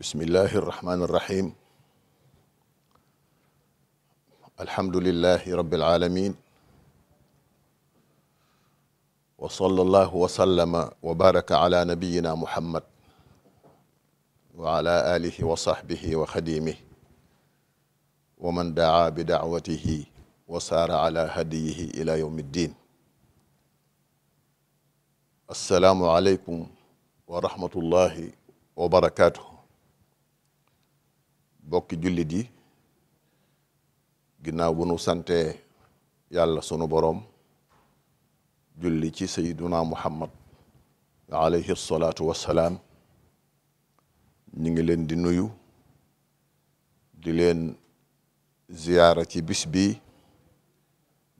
bismillahi irrahmani irrahim alhamdulillahi rabbil alamin wa sallallahu wa sallama wa baraka ala nabiyina muhammad wa ala alihi wa sahbihi wa xadimih wa man daa bi daawatihi wa saara ala hadiyihi ila yawmi ddin assalaamu aleykum wa rahmatullahi wa barakaatu bokki jullit yi ginnaaw bu nu sante yàlla sunu boroom julli ci sayyiduna muhammad alayhi salaatu wassalaam ñu ngi leen di nuyu di leen ziyaara ci bis bi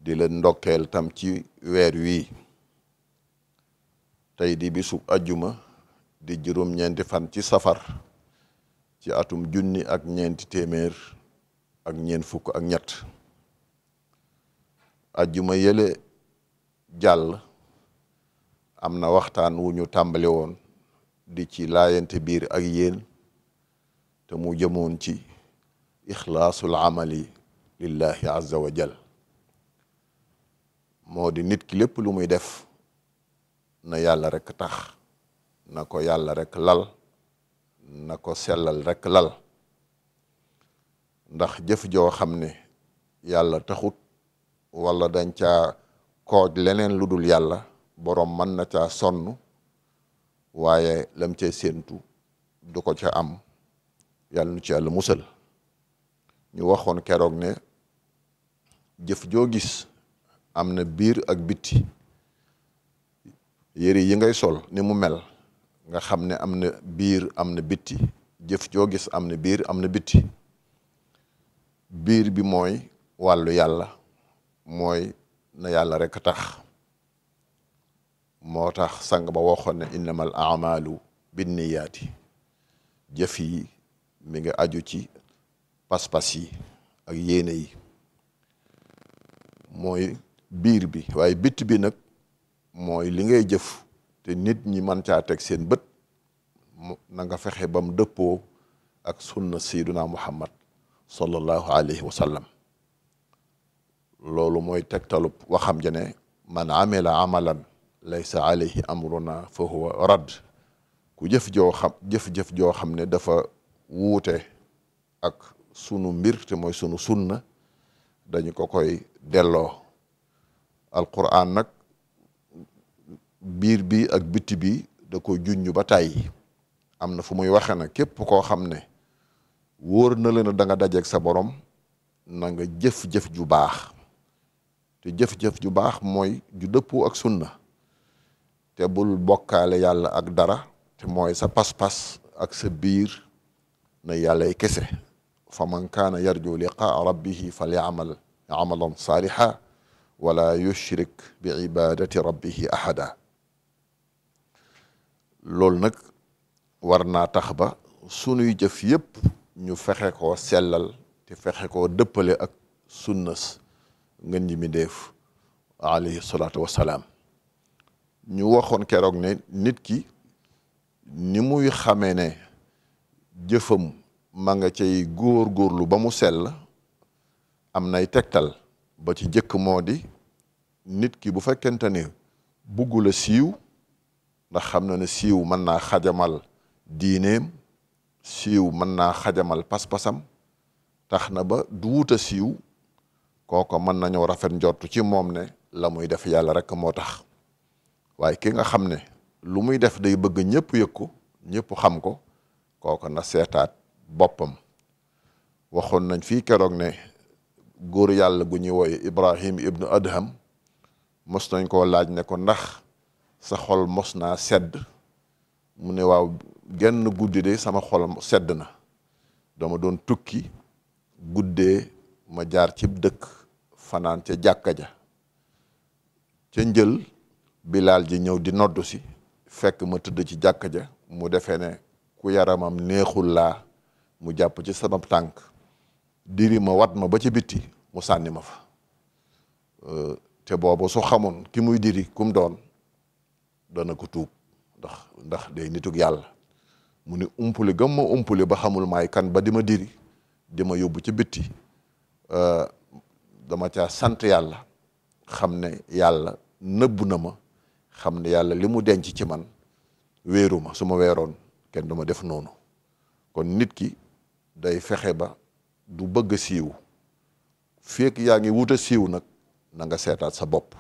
di leen ndokkeel tam ci weer wii tey di bisu ajjuma di juróom-ñeenti fan ci safar ci atum junni ak ñeenti téeméer ak ñeent fukk ak ñett ajjuma yële jàll am na waxtaan wu ñu tàmbali woon di ci laayante biir ak yéen te mu jëmoon ci ixlaasul amali lillahi azza wa jal moo di nit ki lépp lu muy def na yàlla rek tax na ko yàlla rek lal na ko sellal rek lal ndax jëf joo xam ne yàlla taxut wala dañ ca kooj leneen lu dul yàlla boroom mën na caa sonn waaye lam cay séentu du ko ca am yàlla nu ci yàlla musal ñu waxoon keroog ne jëf joo gis am na biir ak bitti yére yi ngay sol ni mu mel nga xam ne am na biir am na bitti jëf joo gis am na biir am na bitti biir bi mooy wàllu yàlla mooy na yàlla rek tax moo tax sang ba waxoon ne innamal amalu binniyaati jëf yi mi ngi aju ci pas-pas yi ak yéene yi mooy biir bi waaye bitti bi nag mooy li ngay jëf te nit ñi mën caa teg seen bët na nga fexe ba mu dëppoo ak sunna sayyiduna muhammad sallallahu alayhi wa sallam loolu mooy tegtalub waxam ja ne man amila amalan laysa alayhi amruna fa huwa rad ku jëf joo xam jëf-jëf joo xam ne dafa wuute ak sunu mbir te mooy sunu sunna dañu ko koy delloo alquran nag biir bi ak bitti bi da ko junj ba tàyyi am na fu muy waxe na képp koo xam ne wóor na la ne da nga sa borom na nga jëf-jëf ju baax te jëf-jëf ju baax mooy ju dëppoo ak sunna te bul bokkaale yàlla ak dara te mooy sa pas-pas ak sa biir na yàllay kese fa man kaana yarju liqaa rabbihi falyamal amalan saaliha wala yushrik bi ibadati rabbihi ahada loolu nag war naa tax ba sunuy jëf yépp ñu fexe koo sellal te fexe koo dëppale ak sunnas ngën ji mi def alayhi salaatu wassalaam ñu waxoon keroog ne nit ki ni muy xamee ne jëfam ma nga cey góor-góorlu ba mu sell am nay tegtal ba ci jëkk moo di nit ki bu fekkente ne bugg siiw ndax xam na ne siiw mën naa xajamal diineem siiw mën naa xajamal pas-pasam tax na ba du wuta siiw kooko mën nañoo rafet njortu ci moom ne la muy def yàlla rek moo tax waaye ki nga xam ne lu muy def day bëgg ñëpp yëg ko ñëpp xam ko kooko na seetaat boppam waxoon nañ fii keroog ne góor yàlla gu ñuy wooye Ibrahim ibnu Adham mos nañ koo laaj ne ko ndax sa xol mos naa sedd mu ne waaw genn guddi de sama xol sedd na dama doon tukki guddee ma jaar ci dëkk fanaan ca jàkka ja ca njël bilaal ji ñëw di noddu si fekk ma tëdd ci jàkka ja mu defe ne ku yaramam neexul laa mu jàpp ci sama tànk diri ma wat ma ba ci bitti mu sànni ma fa euh, te booba su xamoon ki muy diri kum doon dana ko tuub ndax ndax day nitug yàlla mu ni umpule gëm ma umpule ba xamul maay kan ba di ma diri di ma yóbbu ci bitti euh, dama caa sant yàlla xam ne yàlla nëbb na ma xam ne yàlla li mu denc ci man wéeru ma su ma weeroon kenn du ma def noonu kon nit ki day fexe ba du bëgg a siiw fekk yaa ngi wut a siiw nag na nga seetaat sa bopp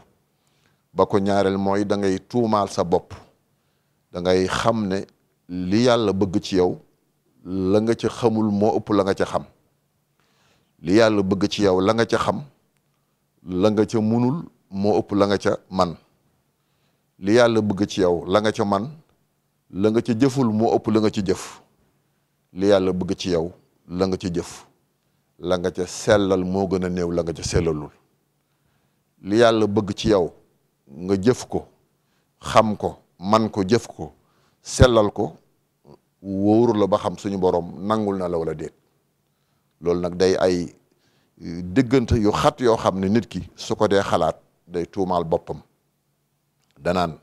ba ko ñaareel mooy dangay ngay tuumaal sa bopp da ngay xam ne li yàlla bëgg ci yow la nga ca xamul moo ëpp la nga ca xam li yàlla bëgg ci yow la nga ca xam la nga ca munul moo ëpp la nga ca man li yàlla bëgg ci yow la nga ca man la nga ca jëful moo ëpp la nga ci jëf li yàlla bëgg ci yow la nga ca jëf la nga ca sellal moo gën a néew la nga ca sellalul li yàlla bëgg ci yow nga jëf ko xam ko man ko jëf ko sellal ko wóorula ba xam suñu borom nangul na la wala déet loolu nag day ay eh, diggante yu xat yoo xam ne nit ki su ko dee xalaat day tuumaal boppam danaan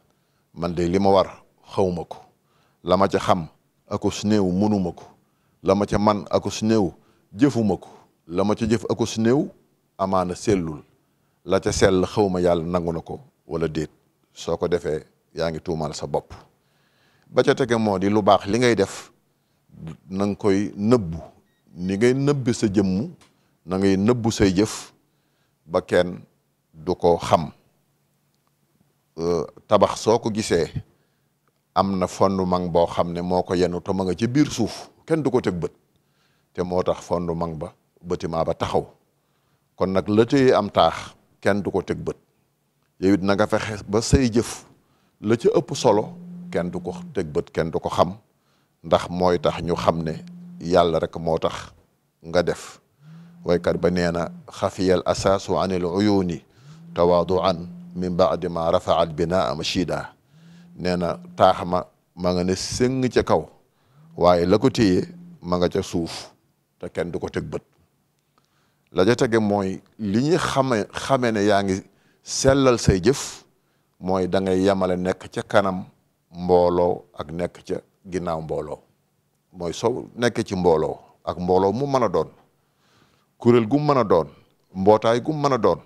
man de li ma war xawma ko la ma ca xam ako néew mënuma ko la ma ca man akus néew jëfuma ko la ma ca jëf akus néew amaana sellul la ca sell xawma yàlla nangu na ko wala déet soo ko defee yaa ngi tuumaal sa bopp ba ca tege moo di lu baax li ngay def na koy nëbbu ni ngay nëbbi sa jëmm na ngay nëbbu say jëf ba kenn du ko xam euh, tabax soo ko gisee am na fondement boo xam ne moo ko yenu te ma nga ci biir suuf kenn du ko teg bët te moo tax fondement ba bâtiment ba taxaw kon nag la am taax kenn du ko teg bët yow it na nga fexe ba say jëf la ca ëpp solo kenn du ko teg bët kenn du ko xam ndax mooy tax ñu xam ne yàlla rek moo tax nga def waykat ba nee na xafiyal asaasu an al uyuni tawaaduan min baadi ma rafaa al binaa mashida nee na taax ma ma nga ne sëng ca kaw waaye la ko téye ma nga ca suuf te kenn du ko teg bët la ca tege mooy li ñu xame xame ne yaa ngi sellal say jëf mooy dangay ngay yemale nekk ca kanam mbooloo ak nekk ca ginnaaw mbooloo mooy soo nekk ci mbooloo ak mbooloo mu mën a doon kuréel gu mën a doon mbootaay gu mën a doon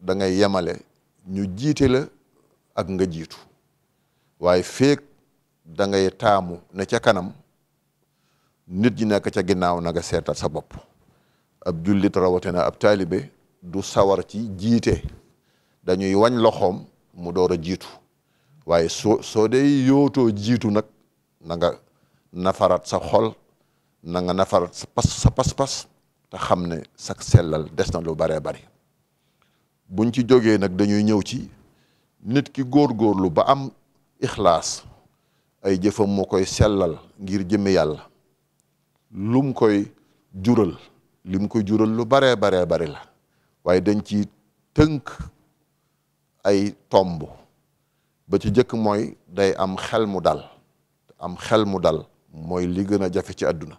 dangay ngay yemale ñu jiite la ak nga jiitu waaye feeg dangay taamu ne ca kanam nit ñi nekk ca ginnaaw naga nga seetal sa bopp ab jullit rawatina ab taalibe du sawar ci jiite dañuy wañ loxoom mu door a jiitu waaye soo soo dee yootoo jiitu nag na nafaraat sa xol nanga nga nafaraat sa pas pas te xam ne sa sellal des na lu baree bari buñ ci jógee nag dañuy ñëw ci nit ki góorgóorlu ba am ixlaas ay jëfam moo koy sellal ngir jëmme yàlla lum koy jural lim koy jural lu baree baree bari la waaye dañ ci tënk ay tomb ba ci jëkk mooy day am xel mu dal am xel mu dal mooy li gën a jafe ci àdduna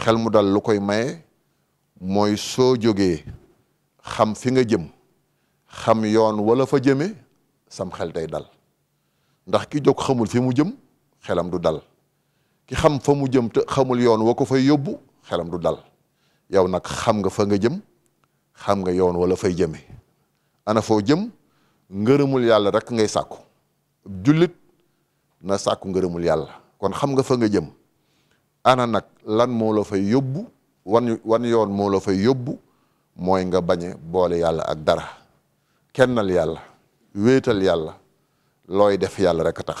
xel mu dal lu koy maye mooy soo jógee xam fi nga jëm xam yoon wala fa jëme sam xel day dal ndax ki jóg xamul fi mu jëm xelam du dal ki xam fa mu jëm xamul yoon wa ko fay yóbbu xelam du dal yow nag xam nga fa nga jëm xam nga yoon wala fay jëme ana foo jëm ngërëmul yàlla rek ngay sàkku jullit na sàkku ngërëmul yàlla kon xam nga fa nga jëm ana nag lan moo la fay yóbbu wan yoon moo fay yóbbu mooy nga bañe boole yàlla ak dara kennal yàlla wéetal yàlla looy def yàlla rek a tax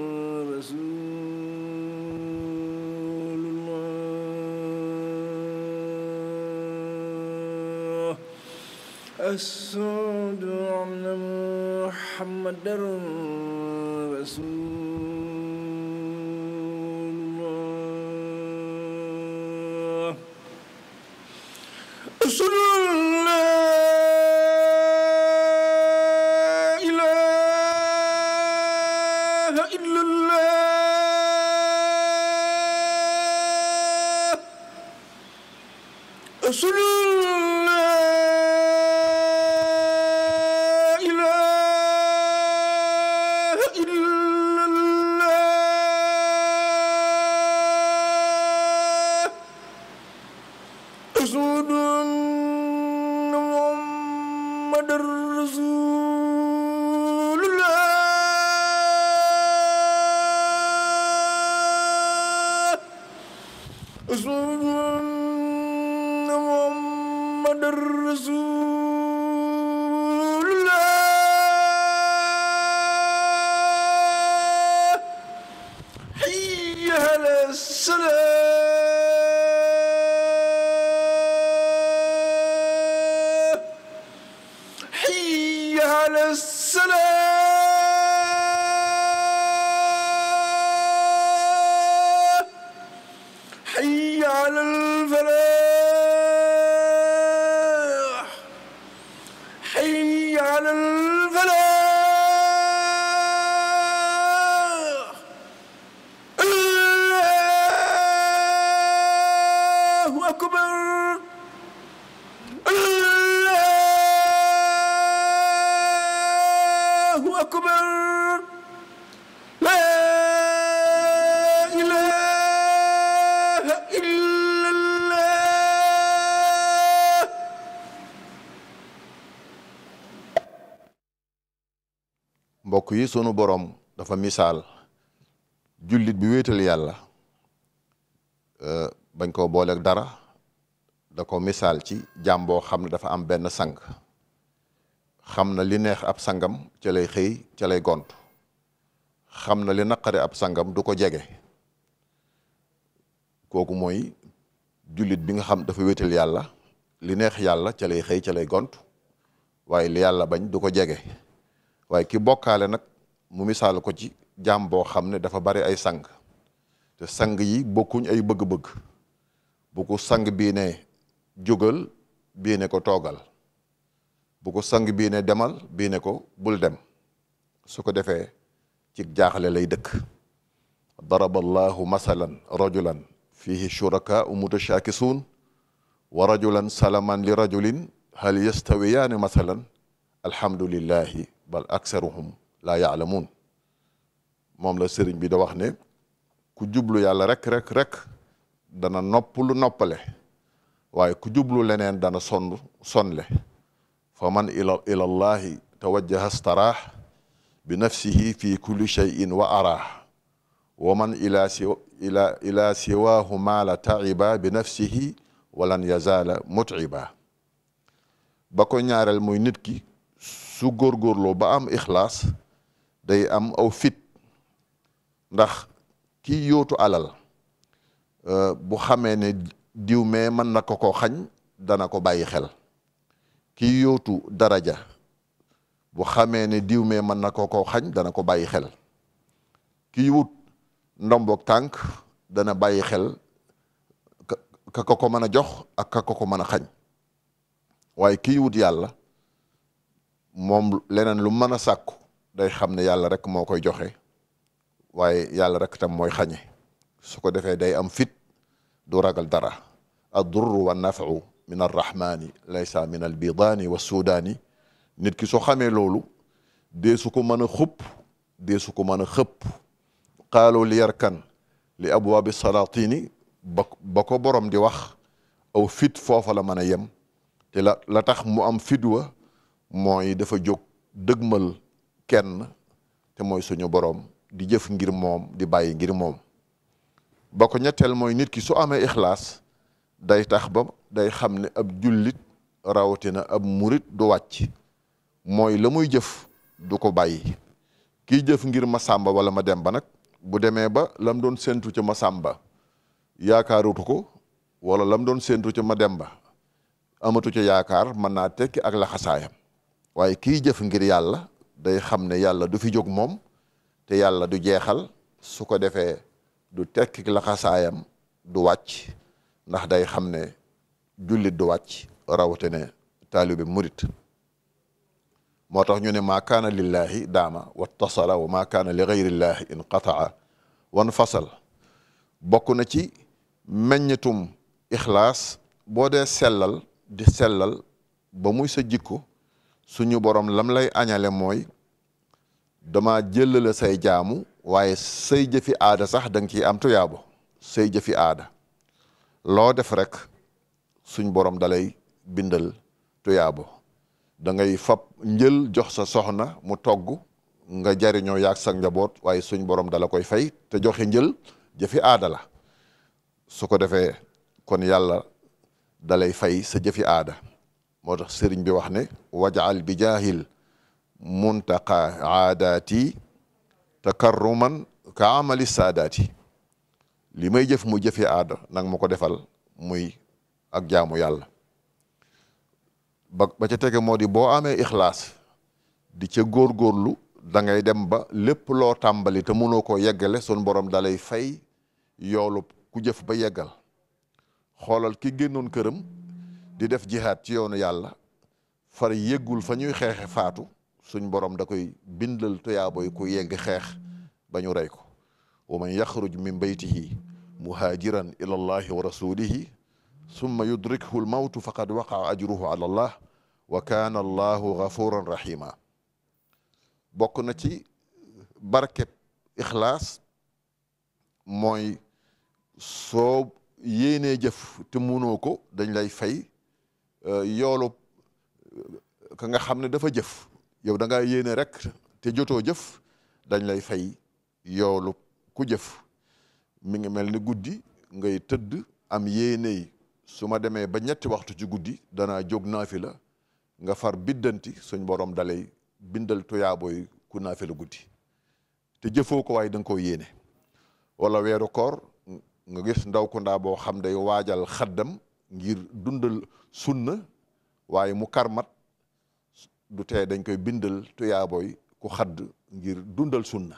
أشهد أن محمدا رسول محمد رسول الله sunu boroom dafa missaal jullit bi wéetal yàlla euh, bañ koo booleek dara da ko missaal ci jaam boo xam ne dafa am benn sang xam na li neex ab sangam ca xëy ca gont xam na li naqare ab sangam du ko jege kooku mooy jullit bi nga xam dafa wéetal yàlla li neex yàlla ca lay xëy ca gont waaye li yàlla bañ du ko jege waaye ki bokkaale nag mu misaal ko ci jaam boo xam ne dafa bari ay sang te sang yi bokkuñ ay bëgg-bëgg bu ko sang biine jógal biine ko toogal bu ko sang bii ne demal bii ko bul dem su ko defee ci jaaxle lay dëkk daraba allahu masalan rajulan fihi shurakaau mutashaakisuun wa rajulan salaman li rajulin hal yastawiyaani masalan alhamdulillahi bal aksaruhum laa yaalamuun moom la sëriñ bi da wax ne ku jublu yàlla rek rek rek dana noppalu noppale waaye ku jublu leneen dana sonn sonle fa man ila bi nafsihi fi kulli wa araax wa man ila ila siwaahu maala taiba bi nafsihi walan yazaala mutiba muy nit ki su góorgóorloo ba am ixlaas day am aw fit ndax kii yóotu alal euh, bu xamee ne diw mee mën na ko ko xañ dana ko bàyyi xel kii yóotu daraja bu xamee ne diw mee mën na ko ko xañ dana ko bàyyi xel kii wut ndomboog tànk dana bàyyi xel ka ko ko mën a jox ak ka ko ko mën a xañ waaye kii wut yàlla moom leneen lu mën a sàkku day xam ne yàlla rek moo koy joxe waaye yàlla rek tam mooy xañe su ko defee day am fit du ragal dara addurru wa nafau min arrahmani laysa min albidaani wa suudaani nit ki soo xamee loolu dee su ko mën a xupp dee su ko mën a xëpp qaalu li yarkan li abwaabi salaatini ba ba ko borom di wax aw fit foofa la mën a yem te la tax mu am fit wa mooy dafa jóg dëgmal kenn te mooy suñu borom di jëf ngir moom di bàyyi ngir moom ba ko ñetteel mooy nit ki su amee ixlaas day tax ba day xam ne ab jullit rawatina ab murit du wàcc mooy la muy jëf du ko bàyyi kiy jëf ngir ma sàmba wala ma dem ba nag bu demee ba lam doon séntu ca ma sàmba yaakaarutu ko walla lam doon séntu ca ma dem ba amatu ca yaakaar mën naa tekki ak laxasaayam waaye kiy jëf ngir yàlla day xam ne yàlla du fi jóg moom te yàlla du jeexal su ko defee du tekki laxasaayam du wàcc ndax day xam ne jullit du wàcc rawatina taalibe murit moo tax ñu ne maa kaana lillahi daama wattasala wa maa kaana li gayrillahi inqataa wan fasal bokk na ci meññetum ixlaas boo de sellal di sellal ba muy sa jikko suñu borom lam lay añale mooy dama jëlale say jaamu waaye say jëfi aada sax danga nga ciy am tuyaabo say jëfi aada loo def rek suñ borom dalay bindal tuyaabo da ngay fab njël jox sa soxna mu togg nga jariñoo yaag sa njaboot waaye suñ borom dala koy fay te joxe njël jëfi aadala la su ko defee kon yàlla dalay fay sa jëfi aada moo tax sëriñ bi wax ne wajaal bi jaahil muntaqa aadaati takarruman ka amali saadaati li may jëf mu jëfe aada nag ma ko defal muy ak jaamu yàlla ba ba ca tege moo di boo amee ixlaas di ca góorgóorlu da ngay dem ba lépp loo tàmbali te mënoo ko yeggale soon borom dalay fay yoolu ku jëf ba yeggal xoolal ki génnoon këram di def jihaad ci yoonu yàlla far yëggul fa ñuy xeexe faatu suñ borom da koy bindal tuyaaboy ku yegg xeex ba ñu rey ko wa man yaxruj min baytihi muhaajiran ila allahi wa rasulihi summa yudrikhu almawtu faqad waqaa ajruhu ala allah wa kaana allahu gafuran rahima bokk na ci barkeb ixlaas mooy soo yéenee jëf te munoo ko dañ lay fay Euh, yoolu euh, ka nga xam ne dafa jëf yow da ngaa yéene rek te jotoo jëf dañ lay fay yoolu ku jëf mi ngi mel ni guddi ngay tëdd am yéene yi su ma demee ba ñetti waxtu ci guddi danaa jóg naafila nga far biddanti suñ borom dalay bindal tuyaabooy ku naafila guddi te jëfoo ko waaye da nga yéene wala weeru koor nga gis ndaw ku ndaa boo xam day waajal xaddam ngir dundal sunna waaye mu karmat du tee dañ koy bindal tuyaaboy ku xadd ngir dundal sunna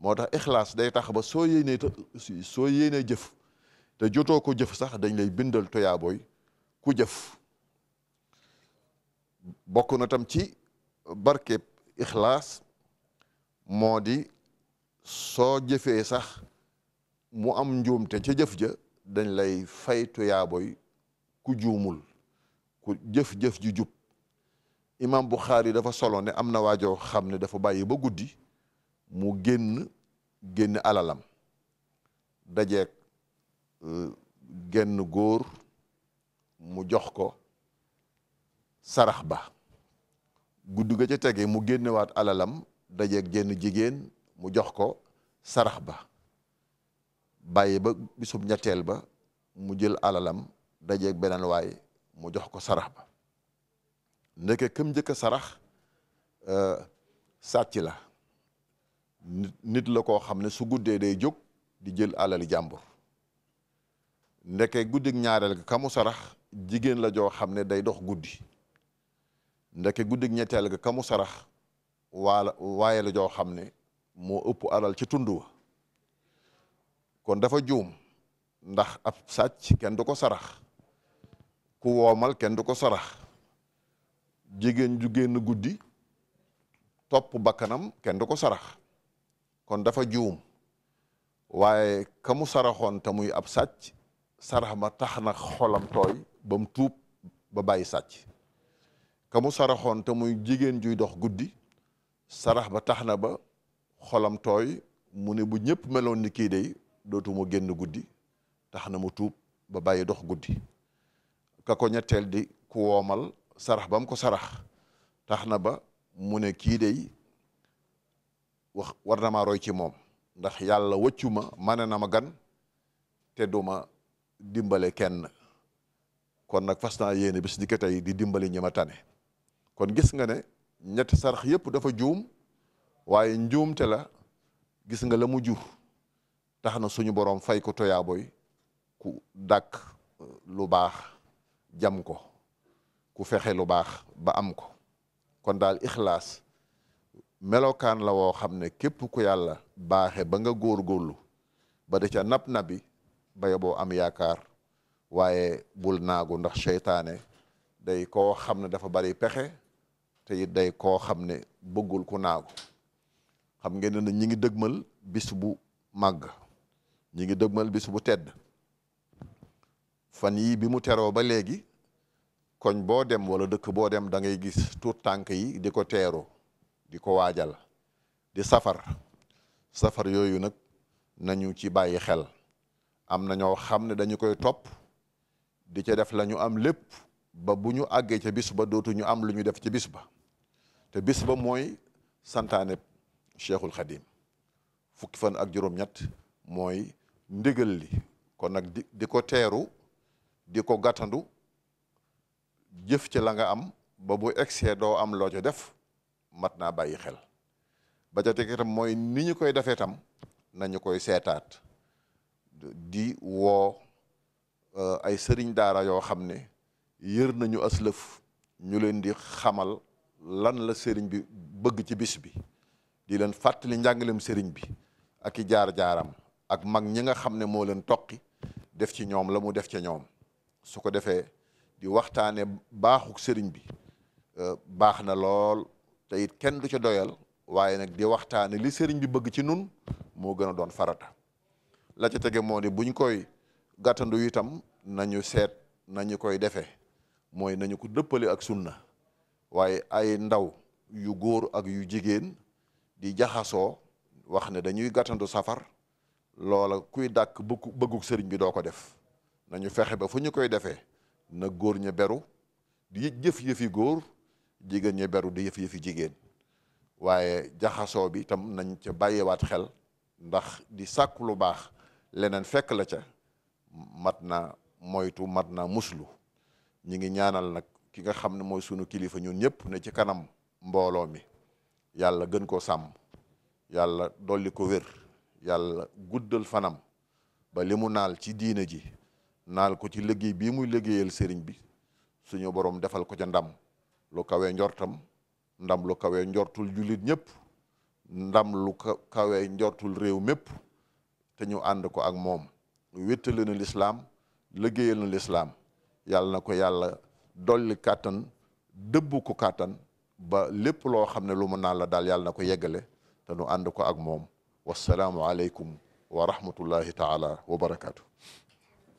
moo tax ixlaas day tax ba soo yéenee soo yéenee jëf te jutoo ko jëf sax dañ lay bindal tuyaaboy ku jëf bokk na tam ci barkeb ixlaas moo di soo jëfee sax mu am njuumte ca jëf ja dañ lay fay tuyaaboy ku juumul ku jëf-jëf ji jub imam yi dafa solo ne am na waajoo xam ne dafa bàyyi ba guddi mu génn génn alalam dajeek euh, génn góor mu jox ko sarax ba guddi ga ca tege mu génnewaat alalam dajeeg génn jigéen mu jox ko sarax ba bàyyi ba bisub ñetteel ba mu jël alalam dajeeg beneen waay mu jox ko sarax ba ndeke këm njëkk a sarax euh, sàcc la nit la koo xam ne su guddee day jóg di jël alali jàmbur ndeke guddig ñaareel ga kamu sarax jigéen la joo xam ne day dox guddi ndeke guddig ñetteel ga kamu sarax waala waaye la joo xam ne moo ëpp alal ci tund wa kon dafa juum ndax ab sàcc kenn du ko sarax ku woomal kenn du ko sarax jigéen ju génn guddi topp bakkanam kenn du ko sarax kon dafa juum waaye kamu mu saraxoon te ab sàcc sarax ma tax na xolam tooy ba mu tuub ba bàyyi sàcc kamu mu saraxoon te muy jigéen juy dox guddi sarax ba tax na ba xolam tooy mu ne bu ñëpp meloon ni kii day dootuma génn guddi tax na mu tuub ba bàyyi dox guddi ka ko ñetteel di ku woomal sarax bam ko sarax tax na ba mu ne kii day wax war na maa roy ci moom ndax yàlla wëccu ma mane na ma gan te du ma dimbale kenn kon nag fas naa yéene bis di ko di dimbali ñi ma tane kon gis nga ne ñetti sarax yépp dafa juum waaye njuumte la gis nga la mu jur tax na suñu boroom fay ko toyaaboy ku dàkk euh, lu baax jam ko ku fexe lu baax ba am ko kon daal ixlaas melokaan la woo xam ne képp ku yàlla baaxe ba nga góorgóorlu ba da ca nab nabi ba yoboo am yaakaar waaye bul naagu ndax seytaane day koo xam ne dafa bari pexe te it day koo xam ne bëggul ku naagu xam ngeen ne ñi ngi dëgmal bis bu màgg ñi ngi dëgmal bis bu tedd fan yii bi mu teroo ba léegi koñ boo dem wala dëkk boo dem da ngay gis tuut tànk yi di ko teeru di ko waajal di safar safar yooyu nag nañu ci bàyyi xel am na ñoo xam ne dañu koy topp di ca def lañu am lépp ba bu ñu àggee ca bis ba dootu ñu am lu ñu def ca bis ba te bis ba mooy santaane cheikhul xadim fukki fan ak juróom-ñett mooy ndigal li kon nag di ko teeru di ko gàttandu jëf ci la nga am ba bu egsee doo am loo def mat naa bàyyi xel ba ca teg mooy ni ñu koy defee tam nañu koy seetaat di woo euh, ay sëriñ daara yoo xam ne yër nañu aslëf ñu leen di xamal lan la sëriñ bi bëgg ci bis bi di leen fàttali njàngalem sëriñ bi ak i jaar-jaaram ak mag ñi nga xam ne moo leen toqi def ci ñoom la mu def ci ñoom su ko defee di waxtaane baaxuk sëriñ bi euh, baax na lool te it kenn du ci doyal waaye nag di waxtaane li sëriñ bi bëgg ci nun moo gën a doon farata la ca tege moo ni buñ koy gàttandu itam nañu seet nañu koy defee mooy nañu ko dëppale ak sunna waaye ay ndaw yu góor ak yu jigéen di jaxasoo wax ne dañuy gàttandu safar loola kuy dàkk bëggu bëggug sëriñ bi doo ko def nañu fexe ba fu ñu koy defee na góor ña beru di jëf yëfi góor jigéen ña beru di yëf yëfi jigéen waaye jaxasoo bi itam nañ ca bàyyiwaat xel ndax di sàkk lu baax leneen fekk la ca mat na moytu mat na muslu ñi ngi ñaanal nag ki nga xam ne mooy sunu kilifa ñun ñëpp ne ci kanam mbooloo mi yàlla gën koo sàmm yàlla dolli ko wér yàlla guddal fanam ba limu naal ci diina ji naal ko ci liggéey bii muy liggéeyal sëriñ bi suñu boroom defal ko ca ndam lu kawee njortam ndam lu kawee njortul jullit ñëpp ndam lu kawee njortul réew mépp te ñu ànd ko ak moom wéttale na lislaam liggéeyal na lislaam yàlla na ko yàlla dolli kàttan dëbb ko kàttan ba lépp loo xam ne lu mu naal la daal yàlla na ko yeggale te ñu ànd ko ak moom wasalaamu aleykum wa rahmatullahi taala wa barakaatu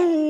Boom!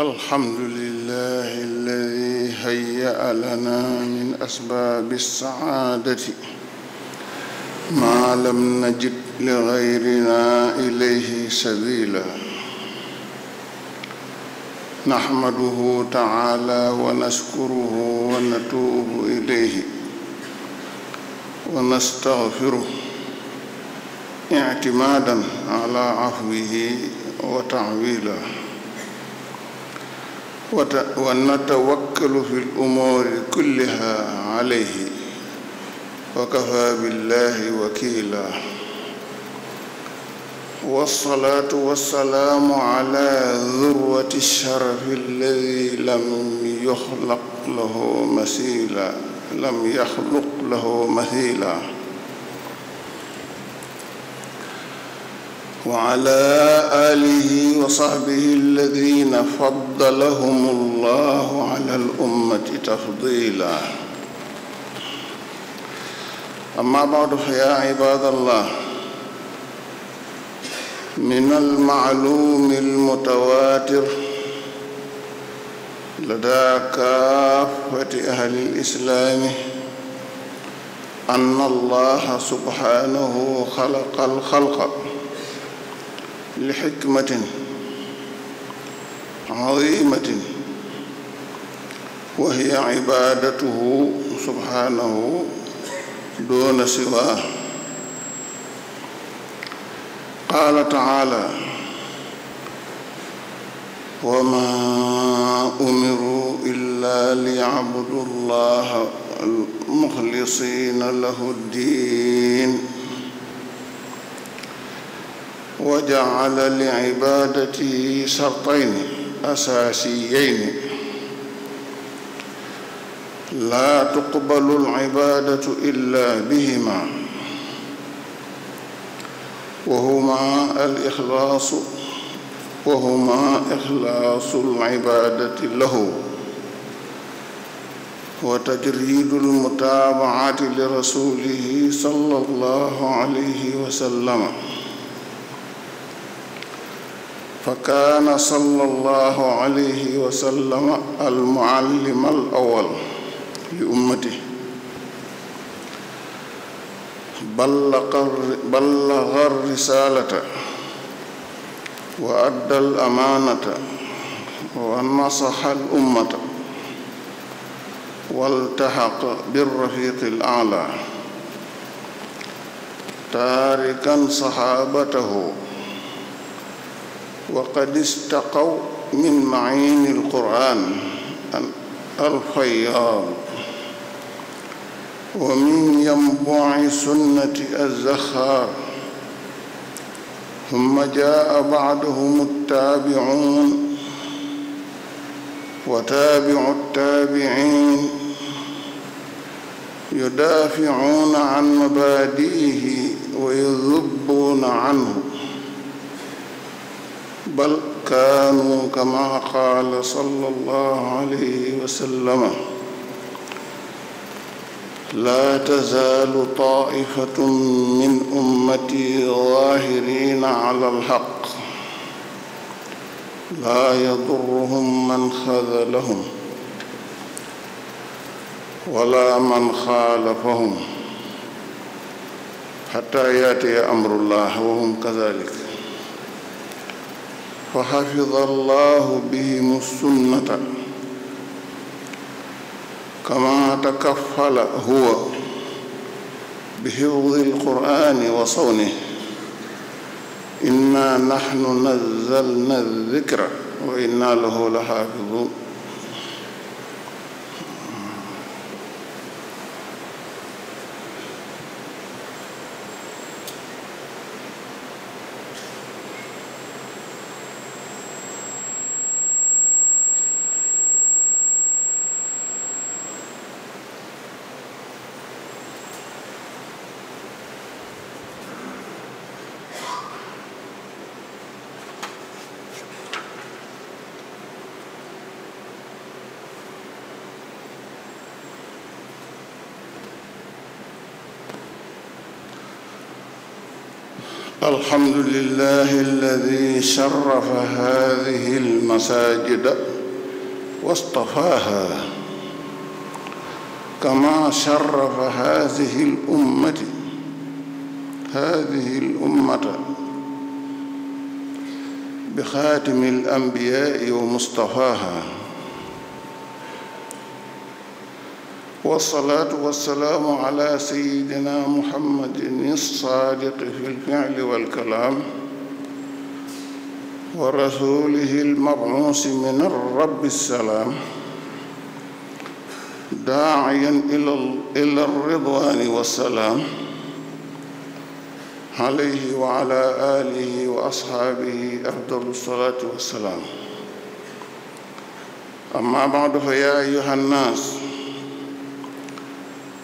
الحمد لله الذي هيأ لنا من أسباب السعادة ما لم نجد لغيرنا إليه سبيلا نحمده تعالى ونشكره ونتوب إليه ونستغفره اعتمادا على عفوه وتعويله wa natawakkalu fi l-umuuri kullihaa alayhi wa kafaa billaahi wakiilaa wassalaatu wassalaamu alaa zurwati sharafi allazii lam yuxlaq lahu masiilaa lam yaxluq lahu masiilaa wa alaa aalihi wa sahbihi allaziina faddaluu فضلهم الله على الأمة تفضيلا أما بعد فيا عباد الله من المعلوم المتواتر لدى كافة أهل الإسلام أن الله سبحانه خلق الخلق لحكمة عظيمة وهي عبادته سبحانه دون سواه قال تعالى وما أمروا إلا ليعبدوا الله مخلصين له الدين وجعل لعبادته شرطين أساسيين لا تقبل العبادة إلا بهما وهما الإخلاص وهما إخلاص العبادة له وتجريد المتابعة لرسوله صلى الله عليه وسلم فكان صلى الله عليه وسلم المعلم الأول لأمته بلغ بلغ الرسالة وأدى الأمانة ونصح الأمة والتحق بالرفيق الأعلى تاركا صحابته وقد استقوا من معين القرآن الخيار ومن ينبوع سنة الزخار ثم جاء بعدهم التابعون وتابع التابعين يدافعون عن مبادئه ويذبون عنه bal kaanu kama qaala sallallahu alayhi wa sallama laa tazaalu taa'ifatun min ummati zaahiriina alal haqq laa yadurruhum man xazalahum wala man xaalafahum xattaa yaatiya amrullah wa hum kazaalik fa xafida allahu bihim sunnata kama takafala huwa bi xifdi alqurani wa sawni inna naxnu nazalna dikra wa inna lahu la xaafidun الحمد لله الذي شرف هذه المساجد واصطفاها كما شرف هذه الأمة هذه الأمة بخاتم الأنبياء ومصطفاها والصلاة والسلام على سيدنا محمد الصادق في الفعل والكلام ورسوله المبعوث من الرب السلام داعيا إلى الرضوان والسلام عليه وعلى آله وأصحابه أفضل الصلاة والسلام أما بعد فيا أيها الناس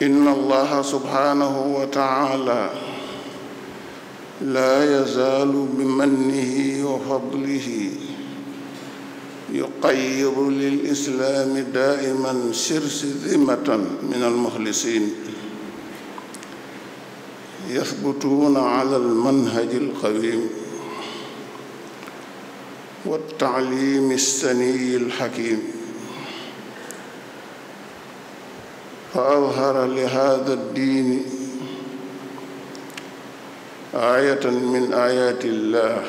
إن الله سبحانه وتعالى لا يزال بمنه وفضله يقيض للإسلام دائما سرسذمة من المخلصين يثبتون على المنهج القويم والتعليم السني الحكيم وأظهر لهذا الدين آية من آيات الله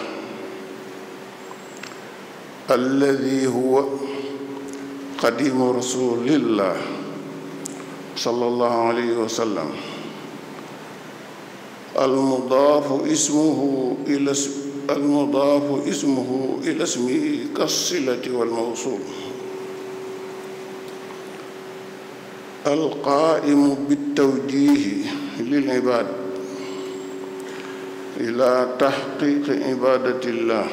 الذي هو قديم رسول الله صلى الله عليه وسلم المضاف اسمه إلى المضاف اسمه إلى اسمه كالصلة والموصول alqaimu bitawjihi lil ibaad ila taxqiqi ibadatillah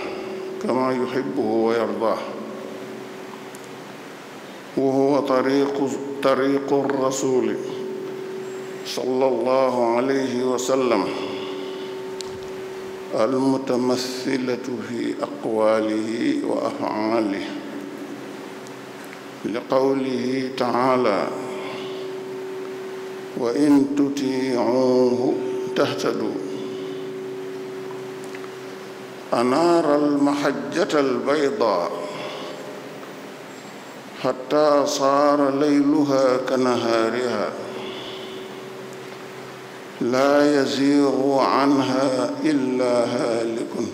kama yuxibuhu wa yardah wa huwa tariqu tariqu rasuli sallallahu alayhi wa sallam almutamassilatu fi aqwalihi wa afcaalihi liqawlihi taala wa in tutiicuuhu tahtadu anaara almahajjata albaydaa xataa saara layluha ka nahaariha laa yaziigu anha illaa haalikun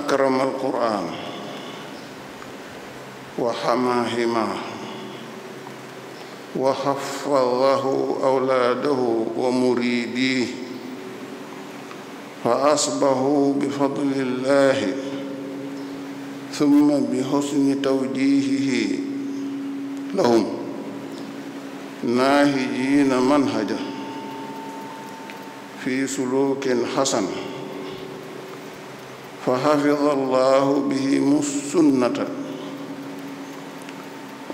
akrama alquraan wa xamaahimaa وحفظه أولاده ومريديه فأصبحوا بفضل الله ثم بحسن توجيهه لهم ناهجين منهجه في سلوك حسن فحفظ الله بهم السنه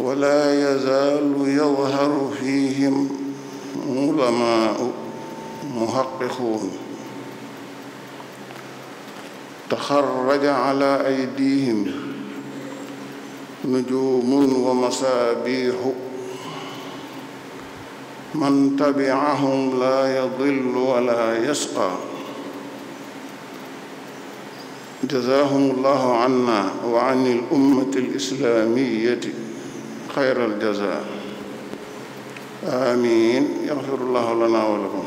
ولا يزال يظهر فيهم علماء محققون تخرج على أيديهم نجوم ومصابيح من تبعهم لا يضل ولا يشقى جزاهم الله عنا وعن الأمة الإسلامية xayral jazaa amiin yaxfirullahu lana wa lakum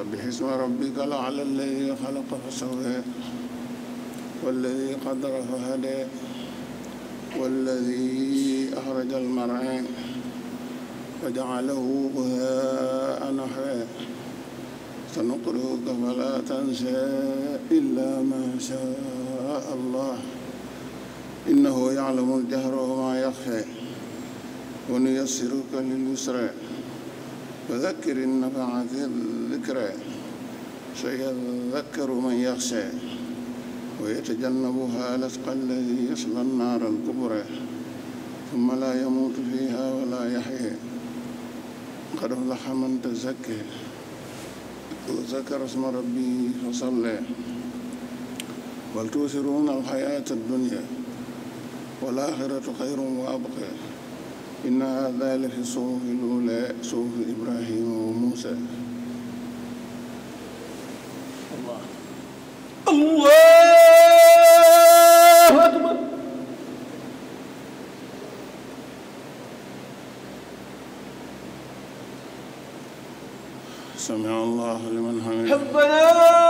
سبح اسم ربك الأعلى الذي خلق فسوى والذي قدر فهدى والذي أخرج المرعى وجعله بهاء نحرا سنقرئك فلا تنسى إلا ما شاء الله إنه يعلم الجهر وما يخفى ونيسرك لليسرى وذكر النفعة الذكرى سيذكر من يخشى ويتجنبها الأتقى الذي يصلى النار الكبرى ثم لا يموت فيها ولا يحيى قد أفلح من تزكى وذكر اسم ربه فصلى بل توثرون الحياة الدنيا والآخرة خير وأبقى إن هذا لفي الصحف الأولى صحف إبراهيم وموسى allahu akbar sami allahu liman hamid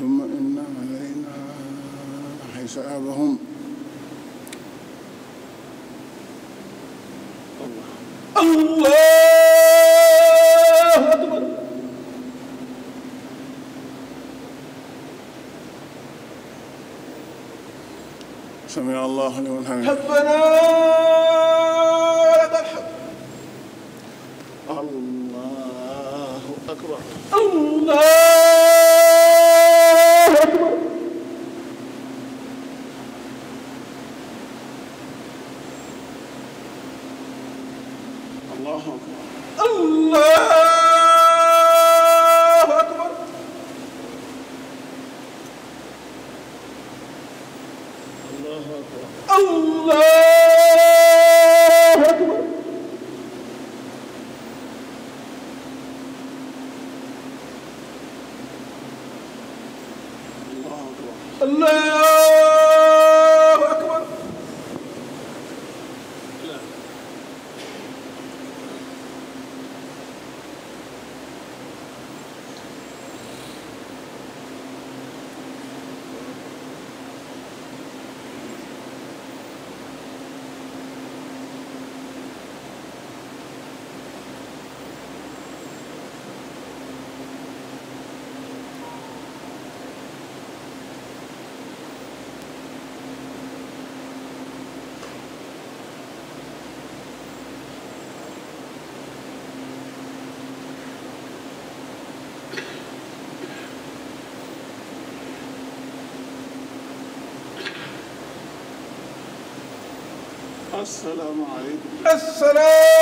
ثم إن علينا حسابهم الله أكبر سمع الله لمن حمده ربنا لك الحمد الله أكبر الله asalaamaaleykum. asalaam.